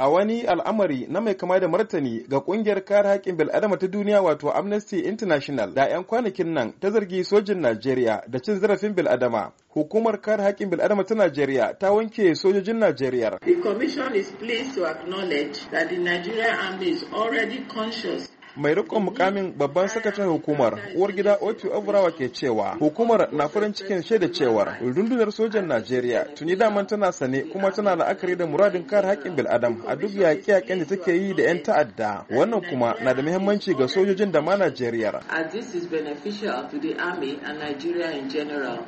a wani al'amari na mai kama da martani ga kungiyar kare haƙƙin bil'adama ta duniya wato amnesty international da 'yan kwanakin nan ta zargi sojin najeriya da cin zarafin bil'adama hukumar kare haƙƙin bil'adama ta najeriya ta wanke sojojin najeriya the commission is pleased to acknowledge that the nigerian army is already conscious mai rikon mukamin babban sakataren hukumar uwar gida otu aburawa ke cewa hukumar na farin cikin shaida cewar rundunar sojan najeriya tuni daman tana sane kuma tana la'akari da muradin kare haƙƙin bil'adam a duk yaƙe-yaƙen da take yi da 'yan ta'adda wannan kuma na da muhimmanci ga sojojin da ma najeriya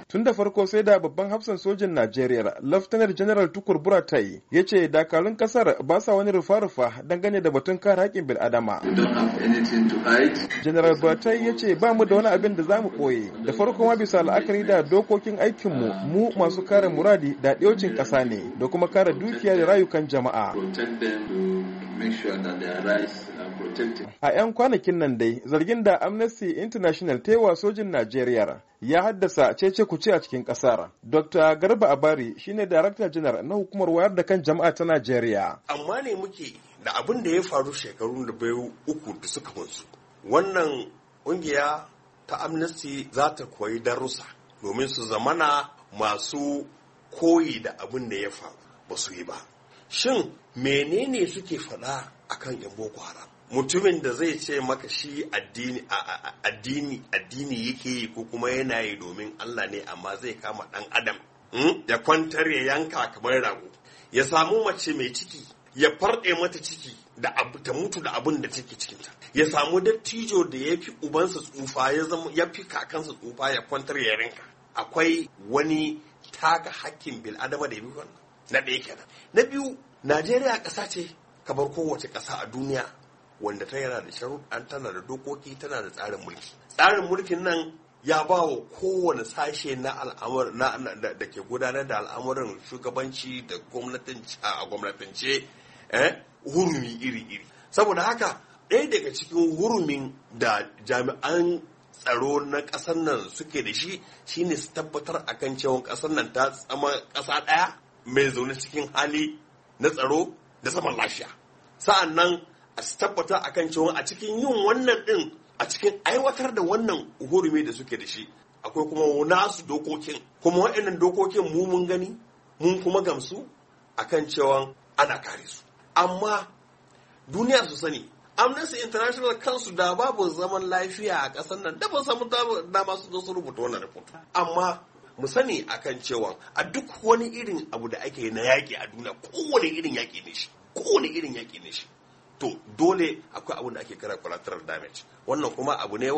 tun da farko sai da babban hafsan sojan najeriya laftanar general tukur buratai ya ce dakarun kasar ba sa wani rufa-rufa dangane da batun kare haƙƙin bil'adama Janaral General Batai ya ce ba mu da wani abin da za mu ɓoye. Da farko ma bisa la'akari da dokokin aikinmu mu masu kare muradi da ɗaucin ƙasa ne da kuma kare dukiya da rayukan jama'a. A 'yan kwanakin nan dai, zargin da Amnesty International ta wa sojin Najeriya ya haddasa ce ku kuce a cikin kasar. Dr. Garba Abari shine Darakta Janar na hukumar wayar da kan jama'a ta Najeriya. Amma ne muke da abin da ya faru shekaru da bayu uku da suka kunsu wannan ƙungiya ta amnesty za ta koyi darussa domin su zamana masu koyi da abin da ya faru ba su yi ba shin menene suke faɗa akan yan boko haram mutumin da zai ce maka shi addini addini addini yake yi ko kuma yana yi domin Allah ne amma zai kama dan adam hmm? ya kwantar ya yanka kamar rago ya samu mace mai ciki ya farɗe mata ciki da ta mutu da abin da take cikinta ya samu dattijo da ya fi ubansa tsufa ya zama ya fi kakansa tsufa ya kwantar ya rinka akwai wani taka hakkin bil adama da ya bi wannan na ɗaya kenan na biyu najeriya ƙasa ce kamar kowace ƙasa a duniya wanda ta yana da sharuɗan tana da dokoki tana da tsarin mulki tsarin mulkin nan ya ba wa kowane sashe na al'amur da ke gudanar da al'amuran shugabanci da gwamnatin a gwamnatance Eh? hurumi iri-iri saboda haka ɗaya daga cikin hurumin da jami'an tsaro na ƙasar nan suke da shi shine su tabbatar a kan cewa ƙasar nan ta tsama ƙasa ɗaya mai zaune cikin hali na tsaro da zaman lafiya sa'an nan a su a kan cewa a cikin yin wannan ɗin a cikin aiwatar da wannan hurumi da suke da shi akwai kuma nasu dokokin kuma waɗannan dokokin mu mun gani mun kuma gamsu a kan cewa ana kare su amma duniya su sani amnesty international kansu da babu zaman lafiya a ƙasar nan da ba samu dama su zo su rubuta wannan report amma mu sani akan cewa a duk wani irin abu da ake na yaƙi a duniya kowane irin yaƙi ne shi kowane irin yaƙi ne shi to dole akwai abun da ake kira collateral damage wannan kuma abu ne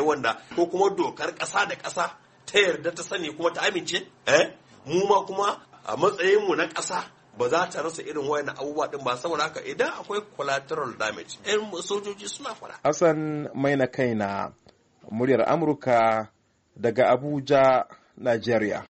wanda ko kuma dokar ƙasa da kasa ta yarda ta sani kuma ta amince eh mu ma kuma a matsayinmu na ƙasa ba za ta rasa irin wayannan abubuwa din ba saboda haka idan akwai collateral damage ɗin sojoji suna fara Hassan mai na kaina muryar Amurka daga Abuja Nigeria